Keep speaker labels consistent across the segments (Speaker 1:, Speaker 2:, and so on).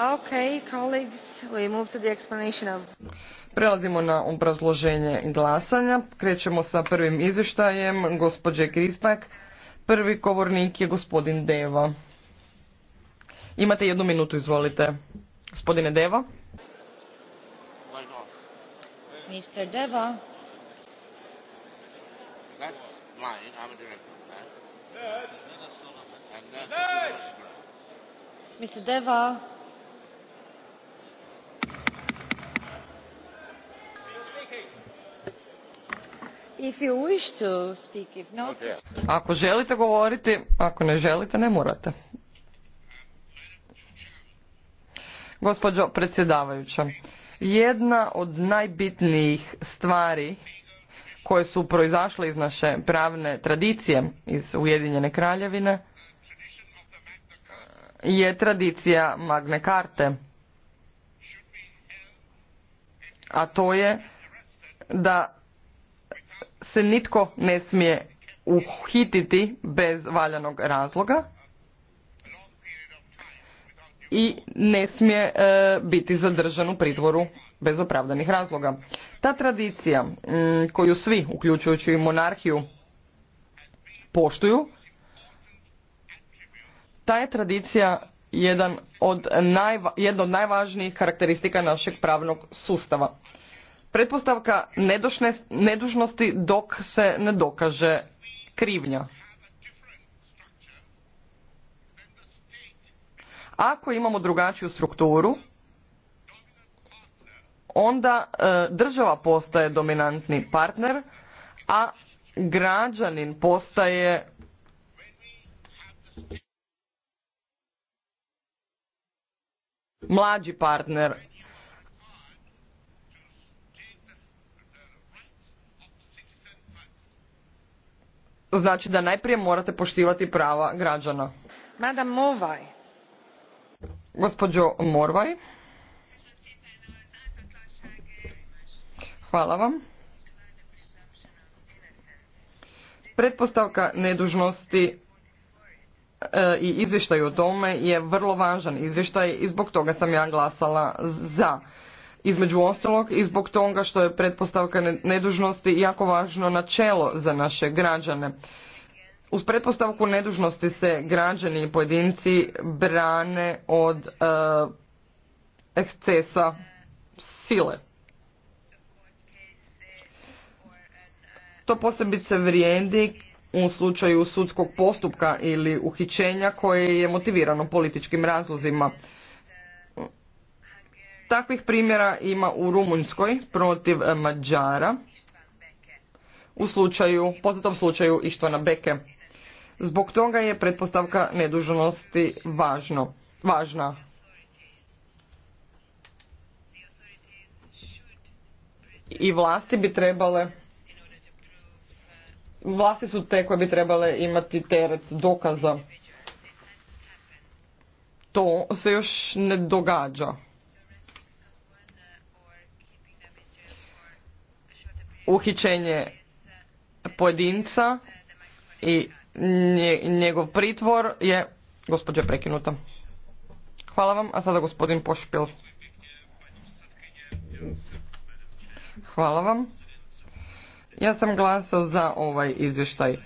Speaker 1: Okay, Prelazimo na obrazloženje glasanja. Krećemo sa prvim izvještajem gospođe Krispak. Prvi govornik je gospodin Deva. Imate jednu minutu, izvolite. Gospodine Deva. Mr. Deva. Mr. Deva. Ako želite govoriti, ako ne želite, ne morate. Gospođo predsjedavajuća, jedna od najbitnijih stvari koje su proizašle iz naše pravne tradicije iz Ujedinjene kraljevine je tradicija Magne Karte. A to je da se nitko ne smije uhititi bez valjanog razloga i ne smije e, biti zadržan u pritvoru bez opravdanih razloga. Ta tradicija koju svi, uključujući i monarhiju, poštuju, ta je tradicija jedan od najva, jedna od najvažnijih karakteristika našeg pravnog sustava pretpostavka nedužnosti dok se ne dokaže krivnja. Ako imamo drugačiju strukturu, onda e, država postaje dominantni partner, a građanin postaje mlađi partner znači da najprije morate poštivati prava građana. Madam Morvaj. Gospođo Morvaj. Hvala vam. Pretpostavka nedužnosti e, i izvještaj o tome je vrlo važan izvještaj i zbog toga sam ja glasala za. Između ostalog i zbog toga što je pretpostavka nedužnosti jako važno načelo za naše građane. Uz pretpostavku nedužnosti se građani i pojedinci brane od e, ekscesa sile. To posebice vrijedi u slučaju sudskog postupka ili uhićenja koje je motivirano političkim razlozima. Takvih primjera ima u Rumunjskoj protiv e, Mađara u slučaju, poznatom slučaju Ištvana Beke. Zbog toga je pretpostavka nedužnosti važno, važna. I vlasti bi trebale vlasti su te koje bi trebale imati teret dokaza. To se još ne događa. uhićenje pojedinca i njegov pritvor je gospođa prekinuta. Hvala vam, a sada gospodin Pošpil. Hvala vam. Ja sam glasao za ovaj izvještaj.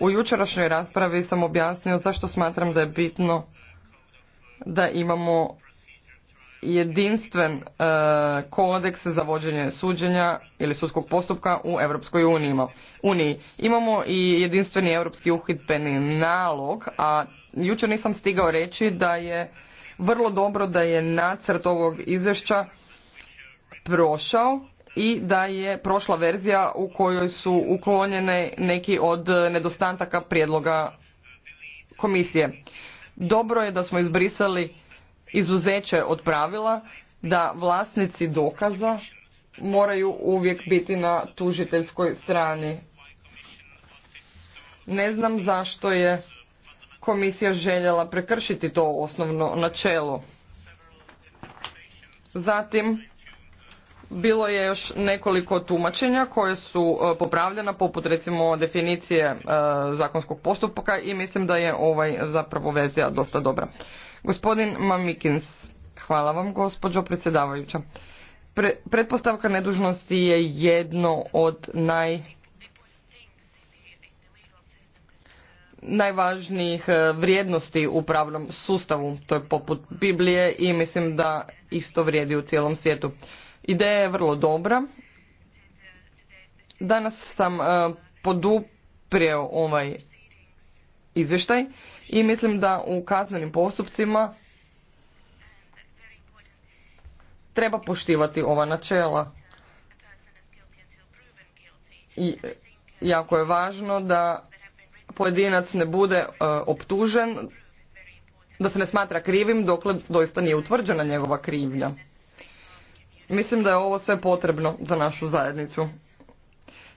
Speaker 1: U jučerašnjoj raspravi sam objasnio zašto smatram da je bitno da imamo jedinstven e, kodeks za vođenje suđenja ili sudskog postupka u Europskoj uniji. Imamo i jedinstveni europski uhidbeni nalog, a jučer nisam stigao reći da je vrlo dobro da je nacrt ovog izvješća prošao i da je prošla verzija u kojoj su uklonjene neki od nedostataka prijedloga komisije. Dobro je da smo izbrisali izuzeće od pravila da vlasnici dokaza moraju uvijek biti na tužiteljskoj strani. Ne znam zašto je komisija željela prekršiti to osnovno načelo. Zatim, bilo je još nekoliko tumačenja koje su e, popravljena poput recimo definicije e, zakonskog postupka i mislim da je ovaj zapravo vezija dosta dobra. Gospodin Mamikins, hvala vam gospođo predsjedavajuća. pretpostavka nedužnosti je jedno od najvažnijih e, vrijednosti u pravnom sustavu. To je poput Biblije i mislim da isto vrijedi u cijelom svijetu. Ideja je vrlo dobra. Danas sam e, poduprijeo ovaj izvještaj i mislim da u kaznenim postupcima treba poštivati ova načela. I e, jako je važno da pojedinac ne bude e, optužen, da se ne smatra krivim dokle doista nije utvrđena njegova krivnja. Mislim da je ovo sve potrebno za našu zajednicu.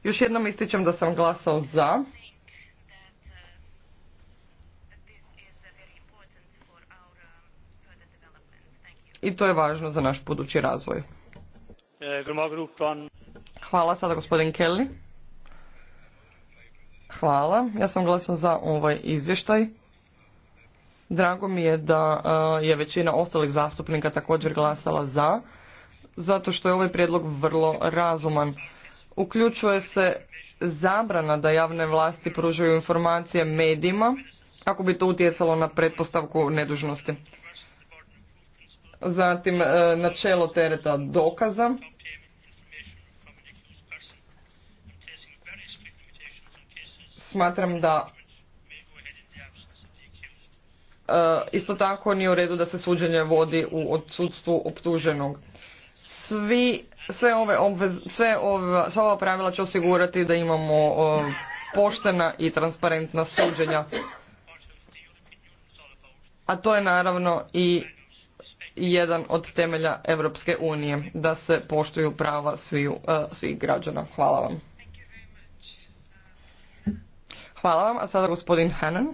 Speaker 1: Još jednom ističem da sam glasao za i to je važno za naš budući razvoj. Hvala sada gospodin Kelly. Hvala. Ja sam glasao za ovaj izvještaj. Drago mi je da e, je većina ostalih zastupnika također glasala za, zato što je ovaj prijedlog vrlo razuman. Uključuje se zabrana da javne vlasti pružaju informacije medijima ako bi to utjecalo na pretpostavku nedužnosti zatim e, načelo tereta dokaza, smatram da e, isto tako nije u redu da se suđenje vodi u odsudstvu optuženog. Svi, sve, ove sve, ova, sva ova pravila će osigurati da imamo e, poštena i transparentna suđenja. A to je naravno i jedan od temelja Europske unije, da se poštuju prava e, svih građana. Hvala vam. Hvala vam, a sada gospodin Hanan.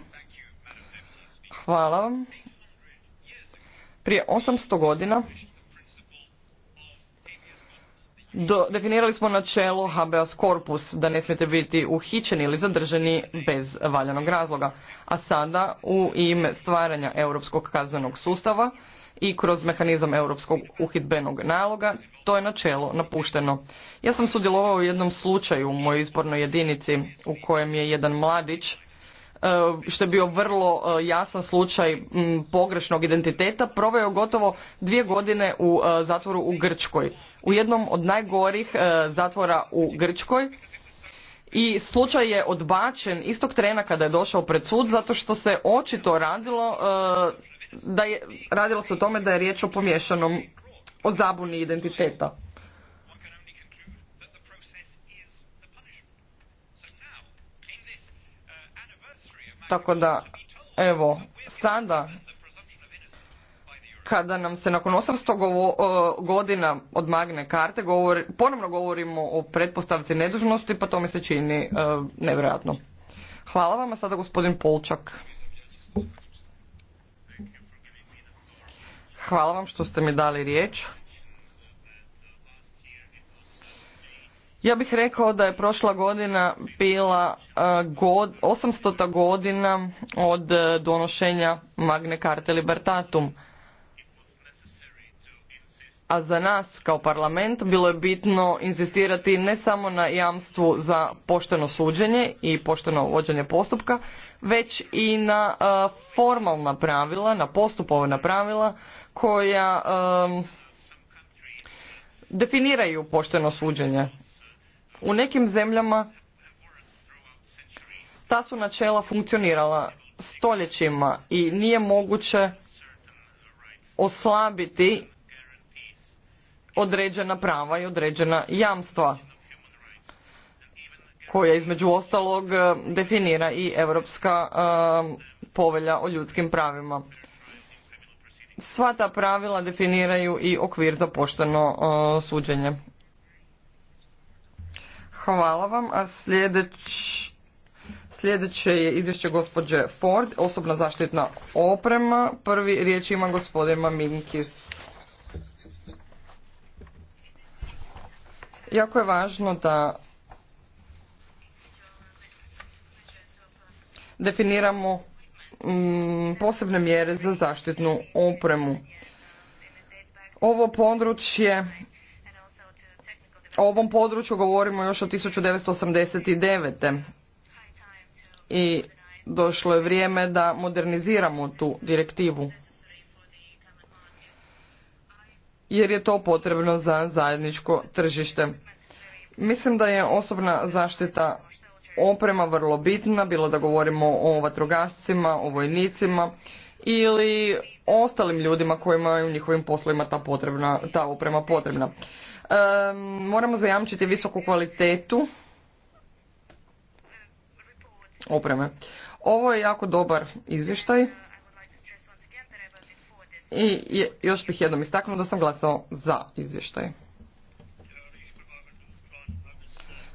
Speaker 1: Hvala vam. Prije 800 godina do, definirali smo načelo habeas korpus da ne smijete biti uhićeni ili zadržani bez valjanog razloga. A sada u ime stvaranja europskog kaznenog sustava i kroz mehanizam europskog uhidbenog naloga, to je načelo napušteno. Ja sam sudjelovao u jednom slučaju u mojoj izbornoj jedinici u kojem je jedan mladić E, što je bio vrlo e, jasan slučaj pogrešnog identiteta, proveo gotovo dvije godine u e, zatvoru u Grčkoj. U jednom od najgorih zatvora u Grčkoj i slučaj je odbačen istog trena kada je došao pred sud zato što se očito radilo da je, radilo se o tome da je riječ o pomješanom o zabuni identiteta. Tako da, evo, sada kada nam se nakon 800 godina od magne karte govori, ponovno govorimo o pretpostavci nedužnosti, pa to mi se čini e, nevjerojatno. Hvala vam, a sada gospodin Polčak. Hvala vam što ste mi dali riječ. Ja bih rekao da je prošla godina bila 800. E, godina od e, donošenja Magne Carte Libertatum. A za nas kao parlament bilo je bitno inzistirati ne samo na jamstvu za pošteno suđenje i pošteno vođenje postupka, već i na e, formalna pravila, na postupovna pravila koja definiraju pošteno suđenje u nekim zemljama ta su načela funkcionirala stoljećima i nije moguće oslabiti određena prava i određena jamstva koja između ostalog e, definira i Europska e, povelja o ljudskim pravima. Sva ta pravila definiraju i okvir za pošteno e, suđenje. Hvala vam. A sljedeće je izvješće gospođe Ford, osobna zaštitna oprema. Prvi riječ ima gospodin Maminkis. Jako je važno da definiramo mm, posebne mjere za zaštitnu opremu. Ovo područje o ovom području govorimo još od 1989. I došlo je vrijeme da moderniziramo tu direktivu. Jer je to potrebno za zajedničko tržište. Mislim da je osobna zaštita oprema vrlo bitna, bilo da govorimo o vatrogascima, o vojnicima ili ostalim ljudima kojima je u njihovim poslovima ta, potrebna, ta oprema potrebna. E, moramo zajamčiti visoku kvalitetu opreme. Ovo je jako dobar izvještaj i još bih jednom istaknuo da sam glasao za izvještaj.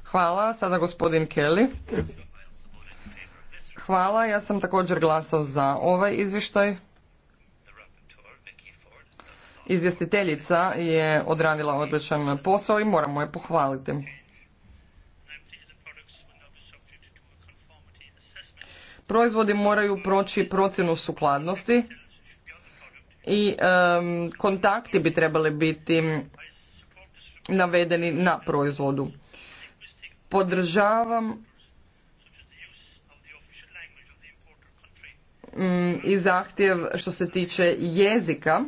Speaker 1: Hvala. Sada gospodin Kelly. Hvala. Ja sam također glasao za ovaj izvještaj. Izvjestiteljica je odradila odličan posao i moramo je pohvaliti. Proizvodi moraju proći procjenu sukladnosti i kontakti bi trebali biti navedeni na proizvodu. Podržavam mm, i zahtjev što se tiče jezika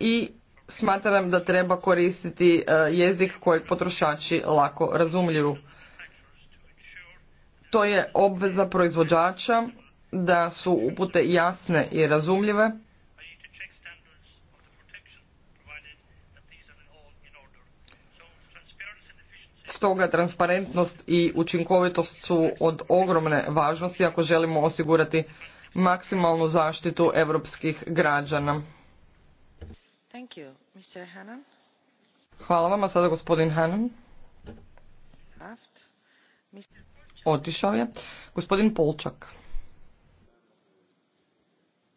Speaker 1: i smatram da treba koristiti e, jezik kojeg potrošači lako razumljuju. To je obveza proizvođača da su upute jasne i razumljive. Stoga transparentnost i učinkovitost su od ogromne važnosti ako želimo osigurati maksimalnu zaštitu europskih građana. Hvala vama sada gospodin Hanan. Otišao je. Gospodin Polčak.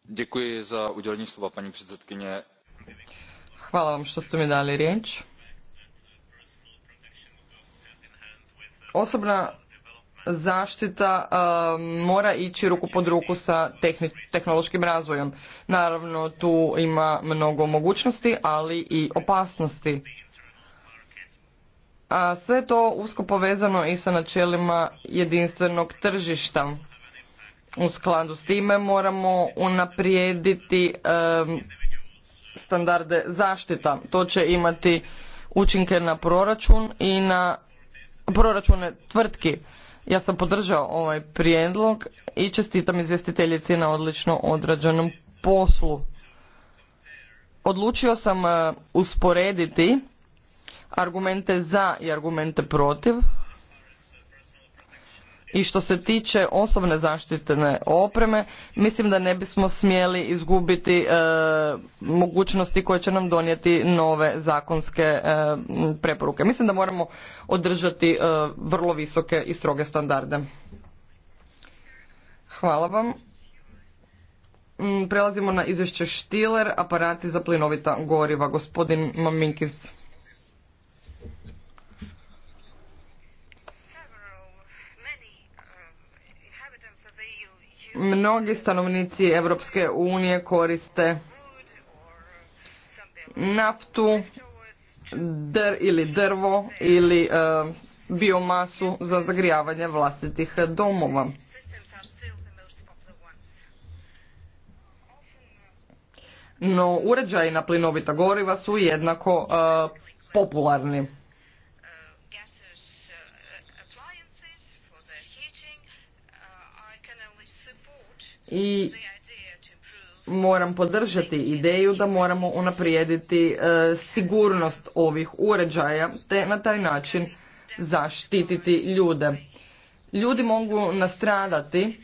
Speaker 1: Děkuji za udělení slova, paní předsedkyně. Hvala vam što ste mi dali riječ. Osobna zaštita mora ići ruku pod ruku sa tehnološkim razvojem. Naravno, tu ima mnogo mogućnosti, ali i opasnosti. A sve to usko povezano i sa načelima jedinstvenog tržišta. U skladu s time moramo unaprijediti standarde zaštita. To će imati učinke na proračun i na proračune tvrtki ja sam podržao ovaj prijedlog i čestitam izvjestiteljici na odlično odrađenom poslu. Odlučio sam e, usporediti argumente za i argumente protiv i što se tiče osobne zaštitne opreme, mislim da ne bismo smjeli izgubiti e, mogućnosti koje će nam donijeti nove zakonske e, preporuke. Mislim da moramo održati e, vrlo visoke i stroge standarde. Hvala vam. Mm, prelazimo na izvješće Štiler, aparati za plinovita goriva. Gospodin Maminkis. mnogi stanovnici Europske unije koriste naftu ili drvo ili e, biomasu za zagrijavanje vlastitih domova. No uređaji na plinovita goriva su jednako e, popularni. i moram podržati ideju da moramo unaprijediti e, sigurnost ovih uređaja te na taj način zaštititi ljude. Ljudi mogu nastradati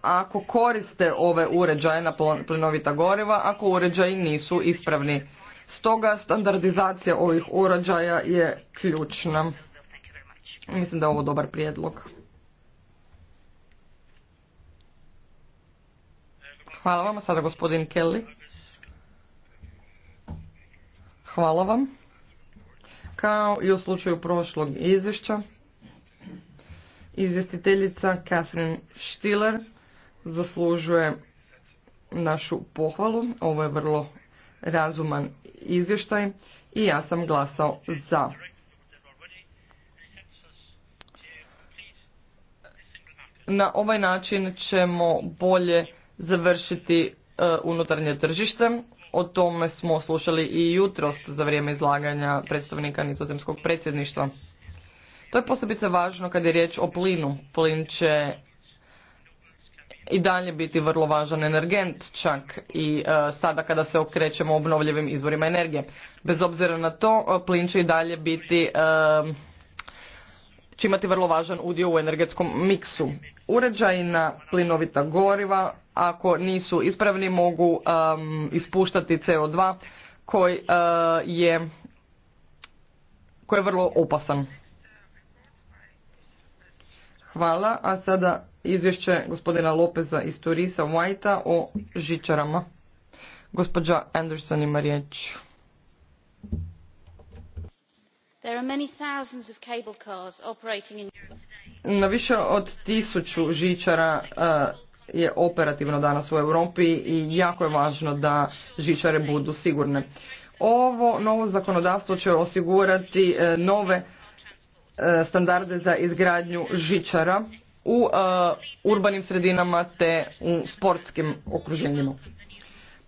Speaker 1: ako koriste ove uređaje na plinovita goriva, ako uređaji nisu ispravni. Stoga standardizacija ovih uređaja je ključna. Mislim da je ovo dobar prijedlog. Hvala vam. Sada gospodin Kelly. Hvala vam. Kao i u slučaju prošlog izvješća, izvjestiteljica Catherine Stiller zaslužuje našu pohvalu. Ovo je vrlo razuman izvještaj i ja sam glasao za. Na ovaj način ćemo bolje završiti e, unutarnje tržište. O tome smo slušali i jutros za vrijeme izlaganja predstavnika nizozemskog predsjedništva. To je posebice važno kad je riječ o plinu. Plin će i dalje biti vrlo važan energent čak i e, sada kada se okrećemo obnovljivim izvorima energije. Bez obzira na to, e, plin će i dalje biti će imati vrlo važan udio u energetskom miksu. Uređaj na plinovita goriva, ako nisu ispravni, mogu um, ispuštati CO2 koji uh, je koji je vrlo opasan. Hvala, a sada izvješće gospodina Lopeza iz Turisa Whitea o žičarama. Gospođa Anderson ima riječ. There are many thousands of cable cars operating in na više od tisuću žičara eh, je operativno danas u Europi i jako je važno da žičare budu sigurne. Ovo novo zakonodavstvo će osigurati eh, nove eh, standarde za izgradnju žičara u urbanim sredinama te u sportskim okruženjima.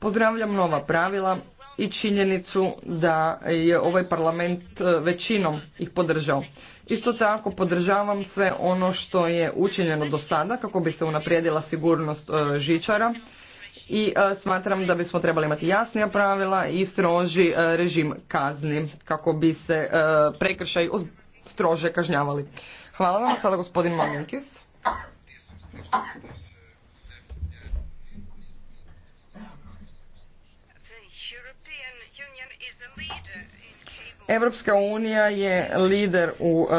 Speaker 1: Pozdravljam nova pravila i činjenicu da je ovaj parlament većinom ih podržao. Isto tako podržavam sve ono što je učinjeno do sada kako bi se unaprijedila sigurnost e, žičara i e, smatram da bismo trebali imati jasnija pravila i stroži e, režim kazni kako bi se prekršaj strože kažnjavali. Hvala vam. Sada gospodin Mamikis. Europska unija je lider u e,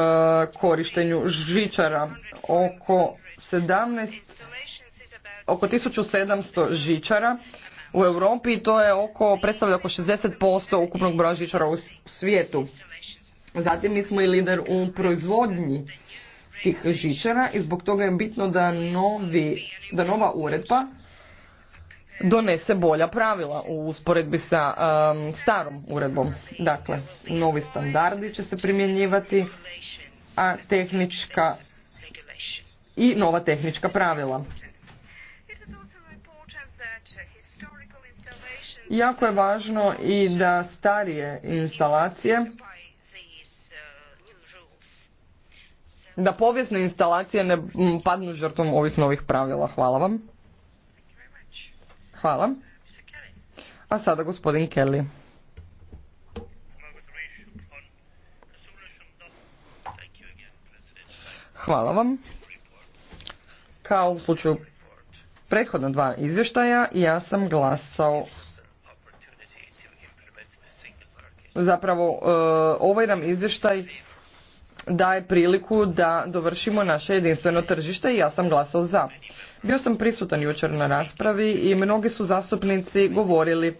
Speaker 1: korištenju žičara oko 17 oko 1700 žičara u Europi i to je oko predstavlja oko 60% ukupnog broja žičara u svijetu. Zatim mi smo i lider u proizvodnji tih žičara i zbog toga je bitno da novi da nova uredba donese bolja pravila u usporedbi sa um, starom uredbom. Dakle, novi standardi će se primjenjivati, a tehnička i nova tehnička pravila. Jako je važno i da starije instalacije da povijesne instalacije ne padnu žrtvom ovih novih pravila. Hvala vam. Hvala. A sada gospodin Kelly. Hvala vam. Kao u slučaju prethodna dva izvještaja, ja sam glasao zapravo e, ovaj nam izvještaj daje priliku da dovršimo naše jedinstveno tržište i ja sam glasao za. Bio sam prisutan jučer na raspravi i mnogi su zastupnici govorili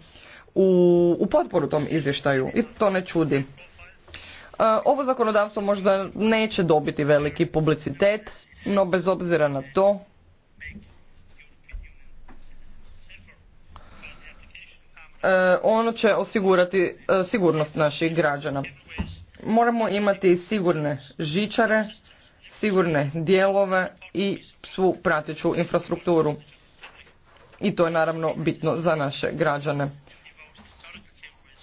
Speaker 1: u, u potporu tom izvještaju i to ne čudi. E, ovo zakonodavstvo možda neće dobiti veliki publicitet, no bez obzira na to e, ono će osigurati e, sigurnost naših građana. Moramo imati sigurne žičare sigurne dijelove i svu prateću infrastrukturu. I to je naravno bitno za naše građane.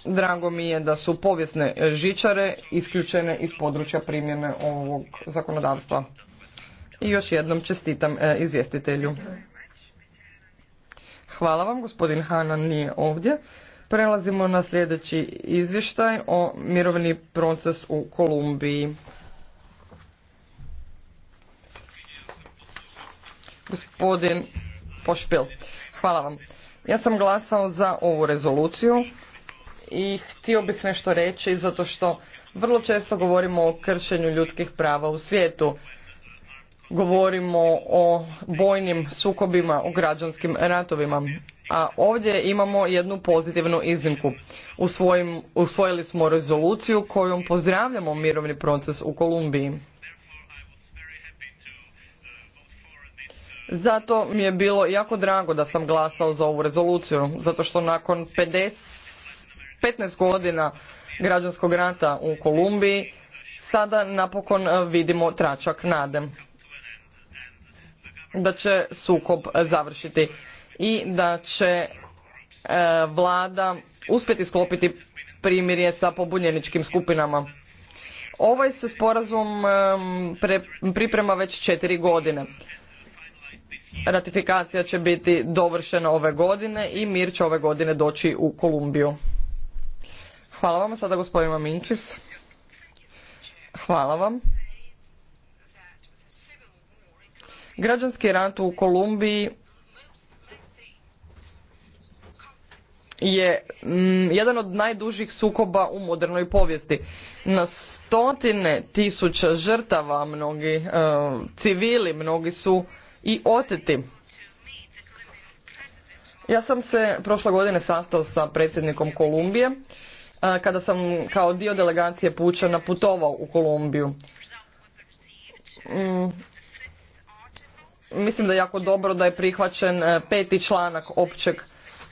Speaker 1: Drago mi je da su povijesne žičare isključene iz područja primjene ovog zakonodavstva. I još jednom čestitam e, izvjestitelju. Hvala vam, gospodin Hanan nije ovdje. Prelazimo na sljedeći izvještaj o mirovni proces u Kolumbiji. gospodin Pošpil. Hvala vam. Ja sam glasao za ovu rezoluciju i htio bih nešto reći zato što vrlo često govorimo o kršenju ljudskih prava u svijetu. Govorimo o bojnim sukobima, u građanskim ratovima. A ovdje imamo jednu pozitivnu iznimku. usvojili smo rezoluciju kojom pozdravljamo mirovni proces u Kolumbiji. Zato mi je bilo jako drago da sam glasao za ovu rezoluciju, zato što nakon 50, 15 godina građanskog rata u Kolumbiji sada napokon e, vidimo tračak nade da će sukob završiti i da će e, vlada uspjeti sklopiti primirje sa pobunjeničkim skupinama. Ovaj se sporazum priprema već četiri godine. Ratifikacija će biti dovršena ove godine i mir će ove godine doći u Kolumbiju. Hvala vam sada gospodin Minkis. Hvala vam. Građanski rat u Kolumbiji je mm, jedan od najdužih sukoba u modernoj povijesti. Na stotine tisuća žrtava mnogi eh, civili, mnogi su i oteti. Ja sam se prošle godine sastao sa predsjednikom Kolumbije kada sam kao dio delegacije Pučana putovao u Kolumbiju. Mm, mislim da je jako dobro da je prihvaćen e, peti članak općeg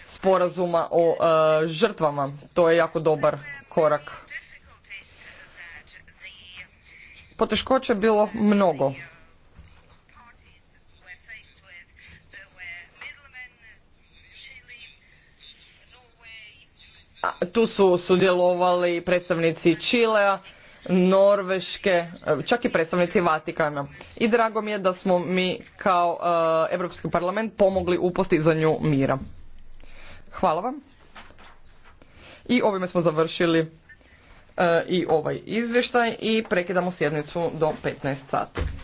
Speaker 1: sporazuma o e, žrtvama. To je jako dobar korak. Poteškoće je bilo mnogo. Tu su sudjelovali predstavnici Čilea, Norveške, čak i predstavnici Vatikana. I drago mi je da smo mi kao Europski parlament pomogli u postizanju mira. Hvala vam. I ovime smo završili e, i ovaj izvještaj i prekidamo sjednicu do 15 sati.